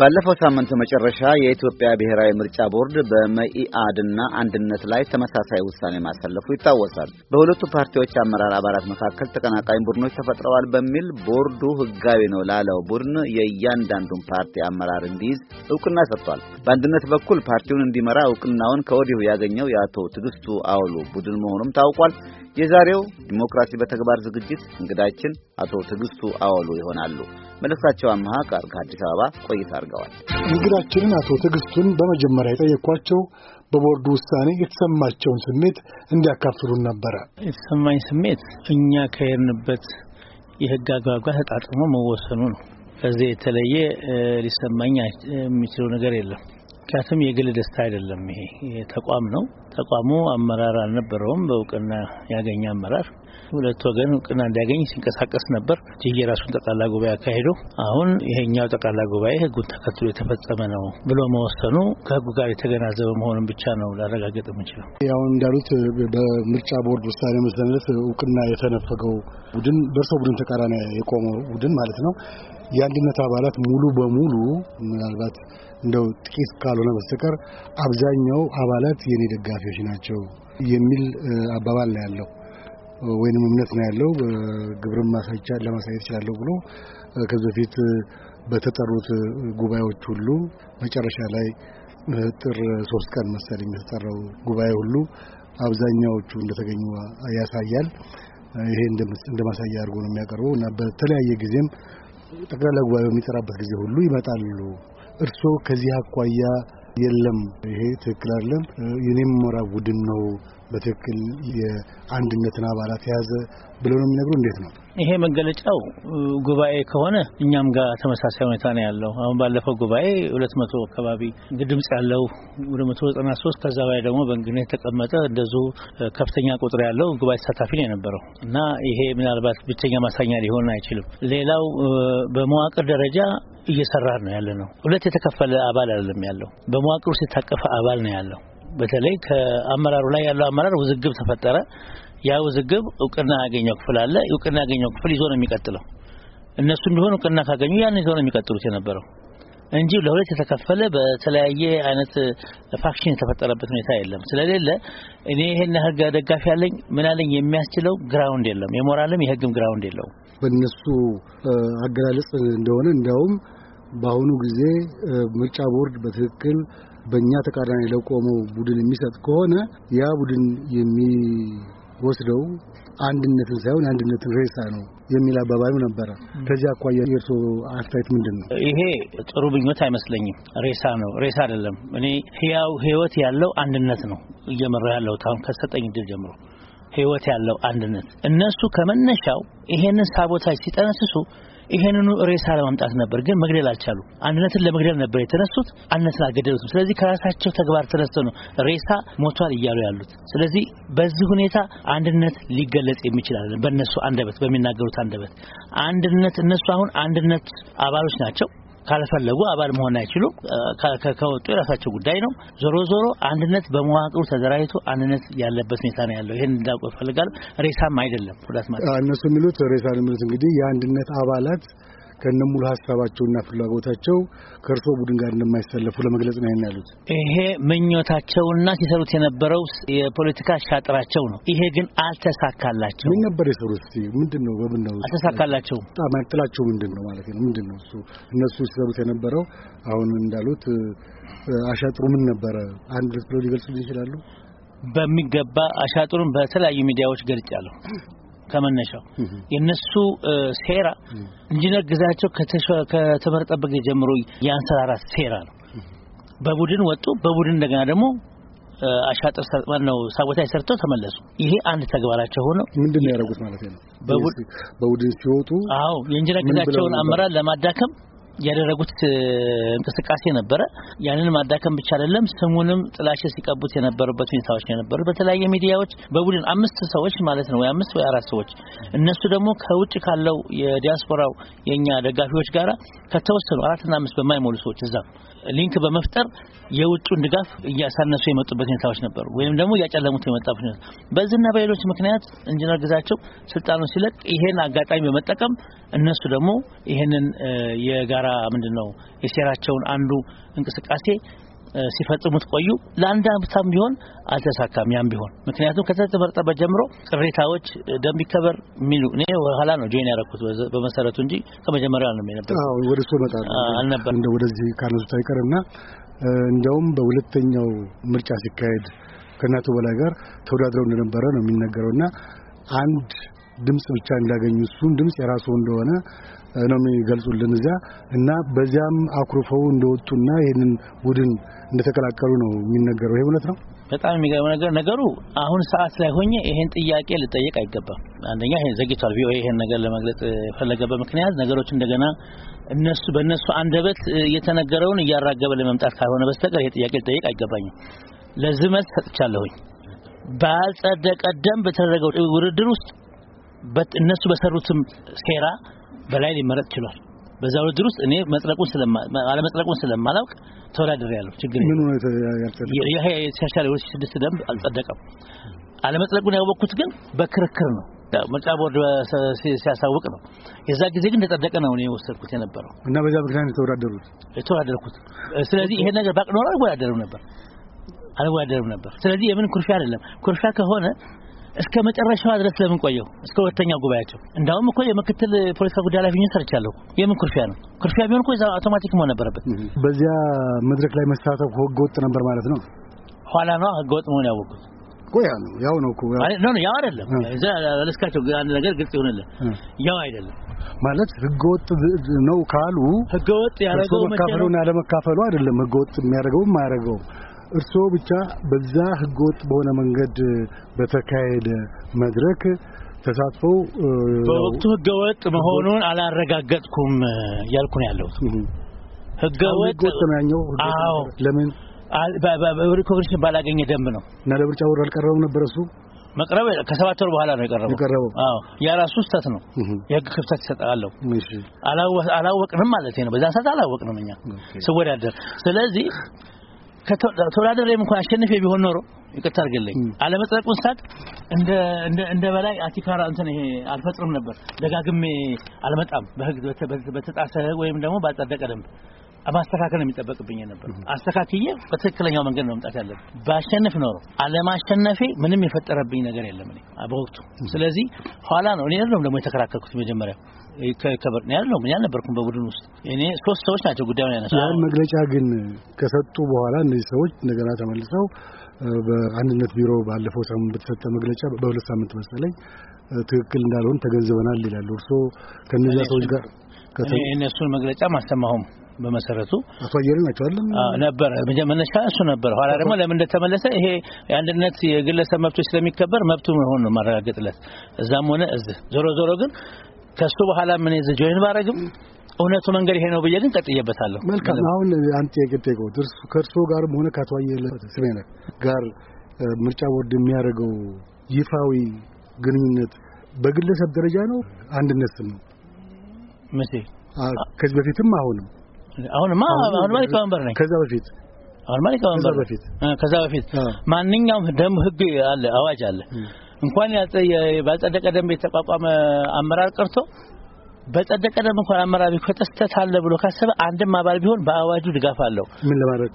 ባለፈው ሳምንት መጨረሻ የኢትዮጵያ ብሔራዊ ምርጫ ቦርድ በመኢአድና አንድነት ላይ ተመሳሳይ ውሳኔ ማሳለፉ ይታወሳል። በሁለቱ ፓርቲዎች አመራር አባላት መካከል ተቀናቃኝ ቡድኖች ተፈጥረዋል በሚል ቦርዱ ሕጋዊ ነው ላለው ቡድን የእያንዳንዱን ፓርቲ አመራር እንዲይዝ እውቅና ሰጥቷል። በአንድነት በኩል ፓርቲውን እንዲመራ እውቅናውን ከወዲሁ ያገኘው የአቶ ትዕግስቱ አውሉ ቡድን መሆኑም ታውቋል። የዛሬው ዲሞክራሲ በተግባር ዝግጅት እንግዳችን አቶ ትዕግስቱ አወሉ ይሆናሉ። መለስካቸው አመሃ ጋር ከአዲስ አበባ ቆይታ አድርገዋል። እንግዳችንን አቶ ትዕግስቱን በመጀመሪያ የጠየኳቸው በቦርዱ ውሳኔ የተሰማቸውን ስሜት እንዲያካፍሉን ነበረ። የተሰማኝ ስሜት እኛ ከሄድንበት የህግ አግባብ ጋር ተጣጥሞ መወሰኑ ነው። ከዚህ የተለየ ሊሰማኝ የሚችለው ነገር የለም። ብቻ የግል ደስታ አይደለም። ይሄ ተቋም ነው። ተቋሙ አመራር አልነበረውም። በእውቅና ያገኘ አመራር ሁለት ወገን እውቅና እንዲያገኝ ሲንቀሳቀስ ነበር። ይህ የራሱን ጠቅላላ ጉባኤ አካሄደው አሁን ይሄኛው ጠቅላላ ጉባኤ ህጉን ተከትሎ የተፈጸመ ነው ብሎ መወሰኑ ከህጉ ጋር የተገናዘበ መሆኑን ብቻ ነው ላረጋገጥ የምንችለው። ያው እንዳሉት በምርጫ ቦርድ ውሳኔ መሰረት እውቅና የተነፈገው ቡድን በእርሶ ቡድን ተቃራኒ የቆመው ቡድን ማለት ነው የአንድነት አባላት ሙሉ በሙሉ ምናልባት እንደው ጥቂት ካልሆነ በስተቀር አብዛኛው አባላት የኔ ደጋፊዎች ናቸው የሚል አባባል ነው ያለው ወይንም እምነት ነው ያለው። ግብርን ማሳቻ ለማሳየት እችላለሁ ብሎ ከዚህ በፊት በተጠሩት ጉባኤዎች ሁሉ መጨረሻ ላይ ጥር ሶስት ቀን መሰለኝ የተጠራው ጉባኤ ሁሉ አብዛኛዎቹ እንደተገኙ ያሳያል። ይሄ እንደማሳያ አድርጎ ነው የሚያቀርበው እና በተለያየ ጊዜም ጠቅላላ ጉባኤ በሚጠራበት ጊዜ ሁሉ ይመጣሉ። እርስዎ ከዚህ አኳያ የለም ይሄ ትክክል አይደለም፣ የኔም መራ ቡድን ነው በትክክል የአንድነትን አባላት የያዘ ብለው ነው የሚነግሩ። እንዴት ነው ይሄ መገለጫው? ጉባኤ ከሆነ እኛም ጋር ተመሳሳይ ሁኔታ ነው ያለው። አሁን ባለፈው ጉባኤ ሁለት መቶ አካባቢ ድምጽ ያለው ወደ መቶ ዘጠና ሶስት ከዛ በላይ ደግሞ በእንግድነት የተቀመጠ እንደዙ ከፍተኛ ቁጥር ያለው ጉባኤ ተሳታፊ ነው የነበረው እና ይሄ ምናልባት ብቸኛ ማሳኛ ሊሆን አይችልም። ሌላው በመዋቅር ደረጃ እየሰራ ነው ያለ ነው። ሁለት የተከፈለ አባል አይደለም ያለው፣ በመዋቅር ውስጥ የታቀፈ አባል ነው ያለው። በተለይ ከአመራሩ ላይ ያለው አመራር ውዝግብ ተፈጠረ። ያ ውዝግብ እውቅና ያገኘው ክፍል አለ። እውቅና ያገኘው ክፍል ይዞ ነው የሚቀጥለው። እነሱም ቢሆን እውቅና ካገኙ ያን ይዞ ነው የሚቀጥሉት የነበረው እንጂ ለሁለት የተከፈለ በተለያየ አይነት ፋክሽን የተፈጠረበት ሁኔታ የለም ስለሌለ እኔ ይሄን ህግ ደጋፊ ያለኝ ምን አለኝ የሚያስችለው ግራውንድ የለም። የሞራልም የህግም ግራውንድ የለውም። በእነሱ አገላለጽ እንደሆነ እንዲያውም በአሁኑ ጊዜ ምርጫ ቦርድ በትክክል በእኛ ተቃራኒ ለቆመው ቡድን የሚሰጥ ከሆነ ያ ቡድን የሚወስደው አንድነትን ሳይሆን አንድነትን ሬሳ ነው የሚል አባባሉ ነበረ። ከዚህ አኳያ የእርሶ አስተያየት ምንድን ነው? ይሄ ጥሩ ብኞት አይመስለኝም። ሬሳ ነው ሬሳ አይደለም። እኔ ህያው ህይወት ያለው አንድነት ነው እየመራ ያለው አሁን ከሰጠኝ ድል ጀምሮ ህይወት ያለው አንድነት እነሱ ከመነሻው ይሄንን ሳቦታጅ ሲጠነስሱ ይሄንኑ ሬሳ ለማምጣት ነበር፣ ግን መግደል አልቻሉ። አንድነትን ለመግደል ነበር የተነሱት፣ አንድነትን አልገደሉትም። ስለዚህ ከራሳቸው ተግባር ተነስተው ነው ሬሳ ሞቷል እያሉ ያሉት። ስለዚህ በዚህ ሁኔታ አንድነት ሊገለጽ የሚችል አይደለም። በእነሱ አንደበት፣ በሚናገሩት አንደበት አንድነት እነሱ አሁን አንድነት አባሎች ናቸው። ካልፈለጉ አባል መሆን አይችሉም። ከወጡ የራሳቸው ጉዳይ ነው። ዞሮ ዞሮ አንድነት በመዋቅሩ ተደራጅቶ አንድነት ያለበት ሁኔታ ነው ያለው። ይህን እንዳውቀው ይፈልጋል። ሬሳም አይደለም ሁዳት ማለት እነሱ የሚሉት ሬሳ የሚሉት እንግዲህ የአንድነት አባላት ከነሙሉ ሀሳባቸውና ፍላጎታቸው ከእርሶ ቡድን ጋር እንደማይሰለፉ ለመግለጽ ነው ያሉት። ይሄ ምኞታቸውና ሲሰሩት የነበረው የፖለቲካ አሻጥራቸው ነው። ይሄ ግን አልተሳካላቸው። ምን ነበር የሰሩት? ምንድን ነው በምን ነው አልተሳካላቸው? ጥላቸው ምንድን ነው ማለት ነው? ምንድን ነው እሱ እነሱ ሲሰሩት የነበረው አሁን እንዳሉት አሻጥሩ ምን ነበረ? አንድ ሁለት ብለው ሊገልጹ ይችላሉ? በሚገባ አሻጥሩን በተለያዩ ሚዲያዎች ገልጫለሁ። ከመነሻው የነሱ ሴራ ኢንጂነር ግዛቸው ከተመረጠበት ጊዜ ጀምሮ የአንሰራራት ሴራ ነው። በቡድን ወጡ። በቡድን እንደገና ደግሞ አሻጥር ነው ሳቦታጅ ሰርተው ተመለሱ። ይሄ አንድ ተግባራቸው ሆነው ምንድን ነው ያደረጉት ማለት ነው። በቡድን ሲወጡ አዎ የኢንጂነር ግዛቸውን አመራር ለማዳከም ያደረጉት እንቅስቃሴ ነበረ። ያንን ማዳከም ብቻ አይደለም፣ ስሙንም ጥላሸት ሲቀቡት የነበሩበት ሁኔታዎች ነው የነበሩት። በተለያየ ሚዲያዎች በቡድን አምስት ሰዎች ማለት ነው ወይ አምስት ወይ አራት ሰዎች እነሱ ደግሞ ከውጭ ካለው የዲያስፖራው የኛ ደጋፊዎች ጋራ ከተወሰኑ አራትና አምስት በማይሞሉ ሰዎች እዛ ሊንክ በመፍጠር የውጭን ድጋፍ እያሳነሱ የመጡበት ሁኔታዎች ነበሩ፣ ወይም ደግሞ እያጨለሙት የመጣበት ሁኔታ በዚህና በሌሎች ምክንያት ኢንጂነር ግዛቸው ስልጣኑ ሲለቅ ይሄን አጋጣሚ በመጠቀም እነሱ ደግሞ ይሄንን የጋራ ምንድን ነው የሴራቸውን አንዱ እንቅስቃሴ ሲፈጽሙት ቆዩ። ለአንድ አመትም ቢሆን አልተሳካም። ያም ቢሆን ምክንያቱም ከተመረጠበት ጀምሮ ቅሬታዎች ደንብ ይከበር የሚሉ እኔ ኋላ ነው ጆይን ያደረኩት በመሰረቱ እንጂ ከመጀመሪያ ነው የነበረ። አዎ ወደ እሱ እመጣለሁ አልነበረ እንደ ወደዚህ ካነሱት አይቀርና እንደውም በሁለተኛው ምርጫ ሲካሄድ ከእናቱ በላይ ጋር ተወዳድረው እንደነበረ ነው የሚነገረውና አንድ ድምፅ ብቻ እንዳገኙ እሱን ድምፅ የራሱ እንደሆነ ነው የሚገልጹልን እዚያ እና በዚያም አኩርፈው እንደወጡና ይህንን ቡድን እንደተቀላቀሉ ነው የሚነገረው። ይሄ እውነት ነው። በጣም የሚገርመው ነገር ነገሩ አሁን ሰዓት ላይ ሆኜ ይሄን ጥያቄ ልጠየቅ አይገባም። አንደኛ ይሄን ዘግይቷል። ቪኦኤ ይሄን ነገር ለመግለጽ የፈለገበት ምክንያት ነገሮች እንደገና እነሱ በእነሱ አንደበት የተነገረውን እያራገበ ለመምጣት ካልሆነ በስተቀር ይሄ ጥያቄ ልጠየቅ አይገባኝም። ለዚህ መልስ ሰጥቻለሁኝ። ባልጸደቀ ደም በተደረገው ውድድር ውስጥ እነሱ በሰሩትም ሴራ በላይ ሊመረጥ ችሏል። በዛ ውድድር ውስጥ እኔ መጥለቁን ስለማ አለመጥለቁን ስለማላውቅ ተወዳደር ያለው ችግር ምን ነው ይሄ የተሻሻለ ወደ ስድስት ደንብ አልጸደቀም። አለመጥለቁን ያወቅኩት ግን በክርክር ነው ምርጫ ቦርድ ሲያሳውቅ ነው። የዛ ጊዜ ግን ተጸደቀ ነው እኔ የወሰድኩት የነበረው እና በዛ ምክንያት የተወዳደሩት የተወዳደርኩት። ስለዚህ ይሄ ነገር ባቅ ኖሮ አልወዳደርም ነበር አልወዳደርም ነበር። ስለዚህ የምን ኩርሻ አይደለም። ኩርሻ ከሆነ እስከ መጨረሻዋ ድረስ ለምን ቆየው? እስከ ሁለተኛው ጉባኤያቸው። እንዳውም እኮ የምክትል ፖለቲካ ጉዳይ ላይ ኃላፊ ሰርቻለሁ። የምን ኩርፊያ ነው? ኩርፊያ ቢሆን እኮ አውቶማቲክ መሆን ነበረበት። በዚያ መድረክ ላይ መሳተፉ ህገወጥ ነበር ማለት ነው። ኋላ ነው ህገወጥ መሆን ያወቁት። ቆያ ነው ያው ነው እኮ ነው ያው አይደለም። እዛ ለስካቸው አንድ ነገር ግልጽ ይሆንልህ፣ ያው አይደለም ማለት ህገወጥ ነው ካሉ ህገወጥ ያደረገው መካፈሉና ያለመካፈሉ አይደለም። ህገወጥ የሚያደርገው የማያደርገው እርስዎ ብቻ በዛ ህገወጥ በሆነ መንገድ በተካሄደ መድረክ ተሳትፈው በወቅቱ ህገወጥ መሆኑን አላረጋገጥኩም እያልኩ ነው ያለሁት። ህገወጥ አዎ፣ ለምን ሪኮግኒሽን ባላገኘ ደንብ ነው እና ለምርጫ ቦርድ አልቀረበም ነበር እሱ መቅረብ ከሰባት ወር በኋላ ነው የቀረበው። የቀረበው አዎ፣ ያ ራሱ ስህተት ነው። የህግ ክፍተት ይሰጣለው። አላወቅንም ማለት ነው። በዛ ሰዓት አላወቅንም እኛ ስወዳደር። ስለዚህ ተወዳደሬም እንኳን አሸንፌ ቢሆን ኖሮ ይቅርታ አድርግልኝ አለመጽደቁን ሳቅ እንደ እንደ እንደ በላይ አቲካራ እንትን ይሄ አልፈጥርም ነበር። ደጋግሜ አልመጣም በህግ በተጣሰ ወይም ደግሞ ባጸደቀ ደንብ ማስተካከል የሚጠበቅብኝ ነበር። አስተካክዬ በትክክለኛው መንገድ ነው መምጣት ያለብኝ። ባሸንፍ ኖሮ አለማሸነፌ ምንም የፈጠረብኝ ነገር የለም እኔ በወቅቱ። ስለዚህ ኋላ ነው እኔ ደግሞ የተከራከርኩት መጀመሪያ ከበር ነው ያለው። ምን አልነበርኩም በቡድን ውስጥ እኔ ሶስት ሰዎች ናቸው ጉዳዩን ያነሳ። ያን መግለጫ ግን ከሰጡ በኋላ እነዚህ ሰዎች እንደገና ተመልሰው በአንድነት ቢሮ ባለፈው ሳምንት በተሰጠ መግለጫ በሁለት ሳምንት መሰለኝ ትክክል እንዳልሆን ተገንዝበናል ይላሉ። እርስዎ ከእነዚያ ሰዎች ጋር እነሱን መግለጫ ማሰማሁም በመሰረቱ አቶ አየለ ናቸው አይደል? ነበር መነሻ እሱ ነበር። ኋላ ደግሞ ለምን እንደተመለሰ ይሄ የአንድነት የግለሰብ መብቶች ስለሚከበር መብቱ መሆን ነው ማረጋገጥለት እዛም ሆነ እዚህ። ዞሮ ዞሮ ግን ከሱ በኋላ ምን እዚህ ጆይን ባረግም እውነቱ መንገድ ይሄ ነው ብዬ ግን ቀጥዬበታለሁ። መልካም። አሁን አንተ የግዴጎ ድርሱ ከእርሶ ጋርም ሆነ ከአቶ አየለ ስሜነት ጋር ምርጫ ቦርድ የሚያደርገው ይፋዊ ግንኙነት በግለሰብ ደረጃ ነው አንድነት ነው መቼ ከዚህ በፊትም አሁንም አሁንማ አሁንማ ሊቀመንበር ነኝ። ከዛ በፊት አሁንማ ሊቀመንበር በፊት ከዛ በፊት ማንኛውም ደም ህግ አለ፣ አዋጅ አለ። እንኳን ባልጸደቀ ደንብ የተቋቋመ አመራር ቀርቶ በጸደቀ ደንብ እንኳን አመራር ከተስተት አለ ብሎ ካሰበ አንድም አባል ቢሆን በአዋጁ ድጋፍ አለው። ምን ለማድረግ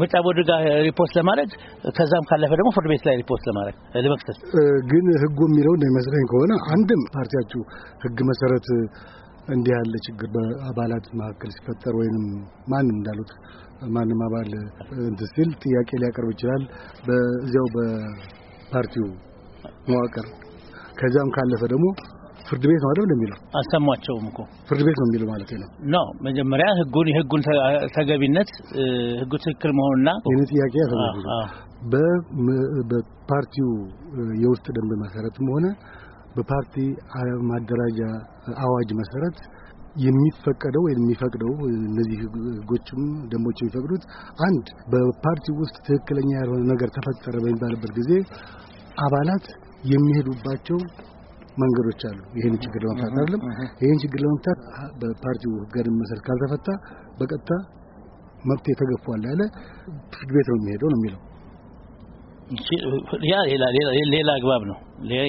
ምርጫ ቦርድ ጋር ሪፖርት ለማድረግ ከዛም ካለፈ ደግሞ ፍርድ ቤት ላይ ሪፖርት ለማድረግ ለመክሰስ። ግን ህጉ የሚለው እንደሚመስለኝ ከሆነ አንድም ፓርቲያችሁ ህግ መሰረት እንዲህ ያለ ችግር በአባላት መካከል ሲፈጠር ወይንም ማንም እንዳሉት ማንም አባል እንትን ሲል ጥያቄ ሊያቀርብ ይችላል በዚያው በፓርቲው መዋቅር ከዚያም ካለፈ ደግሞ ፍርድ ቤት ነው አይደል የሚለው። አልሰማቸውም እኮ ፍርድ ቤት ነው የሚለው ማለት ነው። ኖ መጀመሪያ ህጉን የህጉን ተገቢነት ህጉ ትክክል መሆኑና የኔ ጥያቄ ያሰማል በፓርቲው የውስጥ ደንብ መሰረትም ሆነ በፓርቲ ማደራጃ አዋጅ መሰረት የሚፈቀደው ወይም የሚፈቅደው እነዚህ ህጎችም ደንቦች የሚፈቅዱት አንድ በፓርቲ ውስጥ ትክክለኛ ያልሆነ ነገር ተፈጠረ በሚባልበት ጊዜ አባላት የሚሄዱባቸው መንገዶች አሉ። ይህን ችግር ለመፍታት አይደለም። ይህን ችግር ለመፍታት በፓርቲው ህገ ደንብ መሰረት ካልተፈታ በቀጥታ መብት ተገፏል ያለ ፍርድ ቤት ነው የሚሄደው ነው የሚለው ያ ሌላ ሌላ ሌላ አግባብ ነው።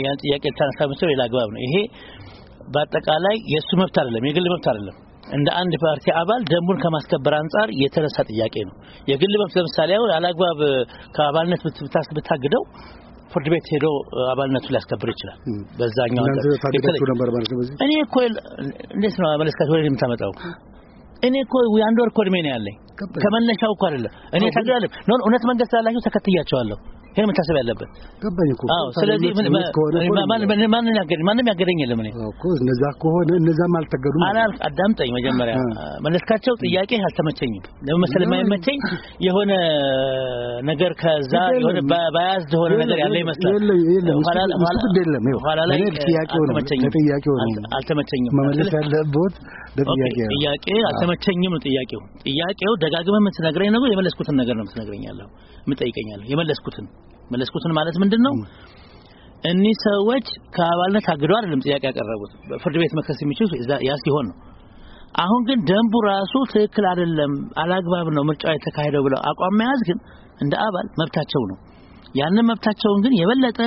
ያን ጥያቄ ታነሳ ሌላ አግባብ ነው። ይሄ በአጠቃላይ የእሱ መብት አይደለም፣ የግል መብት አይደለም። እንደ አንድ ፓርቲ አባል ደንቡን ከማስከበር አንጻር የተነሳ ጥያቄ ነው። የግል መብት ለምሳሌ አሁን አላግባብ ከአባልነት ብታግደው ፍርድ ቤት ሄዶ አባልነቱን ሊያስከብር ይችላል። በዛኛው እኔ እኮ እንዴት ነው መለስካት ወደ የምታመጣው? እኔ እኮ የአንድ ወር እኮ እድሜ ነው ያለኝ ከመነሻው እኮ አይደለም እኔ ታግዳለሁ። እውነት መንገድ ላላቸው ተከትያቸዋለሁ። ይሄ መታሰብ ያለበት ገባኝ እኮ። አዎ ስለዚህ ማንም ያገደኝ ማንም ያገደኝ የለም። እኔ እኮ እነዛ ከሆነ እነዛም አልተገዱም። አዳምጠኝ፣ መጀመሪያ መለስካቸው ጥያቄ አልተመቸኝም። ለመሰለ የማይመቸኝ የሆነ ነገር ከዛ የሆነ ባያዝ የሆነ ነገር ያለ ይመስላል። የለም የለም ኋላ ላይ ነው አልተመቸኝም። መመለስ ያለበት ጥያቄ አልተመቸኝም ነው ጥያቄው። ጥያቄው ደጋግመህ የምትነግረኝ ነው የመለስኩትን ነገር ነው የምትነግረኛለሁ የምጠይቀኛለሁ የመለስኩትን መለስኩትን ማለት ምንድን ነው? እኒህ ሰዎች ከአባልነት አግደው አይደለም ጥያቄ ያቀረቡት ፍርድ ቤት መከስ የሚችሉ ያ ሲሆን ነው። አሁን ግን ደንቡ ራሱ ትክክል አይደለም፣ አላግባብ ነው ምርጫው የተካሄደው ብለው አቋም መያዝ ግን እንደ አባል መብታቸው ነው። ያንን መብታቸውን ግን የበለጠ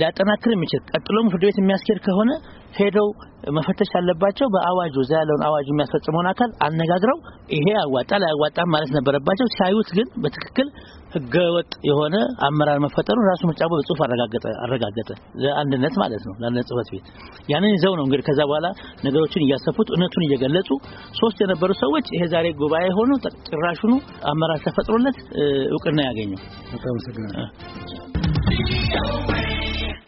ሊያጠናክር የሚችል ቀጥሎም ፍርድ ቤት የሚያስኬድ ከሆነ ሄደው መፈተሽ ያለባቸው በአዋጁ እዛ ያለውን አዋጁ የሚያስፈጽመውን አካል አነጋግረው ይሄ ያዋጣል አያዋጣም ማለት ነበረባቸው። ሲያዩት ግን በትክክል ህገወጥ የሆነ አመራር መፈጠሩን ራሱ ምርጫ ቦርድ በጽሁፍ አረጋገጠ አረጋገጠ ለአንድነት ማለት ነው ለአንድነት ጽህፈት ቤት ያንን ይዘው ነው እንግዲህ ከዛ በኋላ ነገሮችን እያሰፉት እውነቱን እየገለጹ ሶስት የነበሩ ሰዎች ይሄ ዛሬ ጉባኤ ሆኑ ጭራሹኑ አመራር ተፈጥሮለት እውቅና ያገኘው Be away.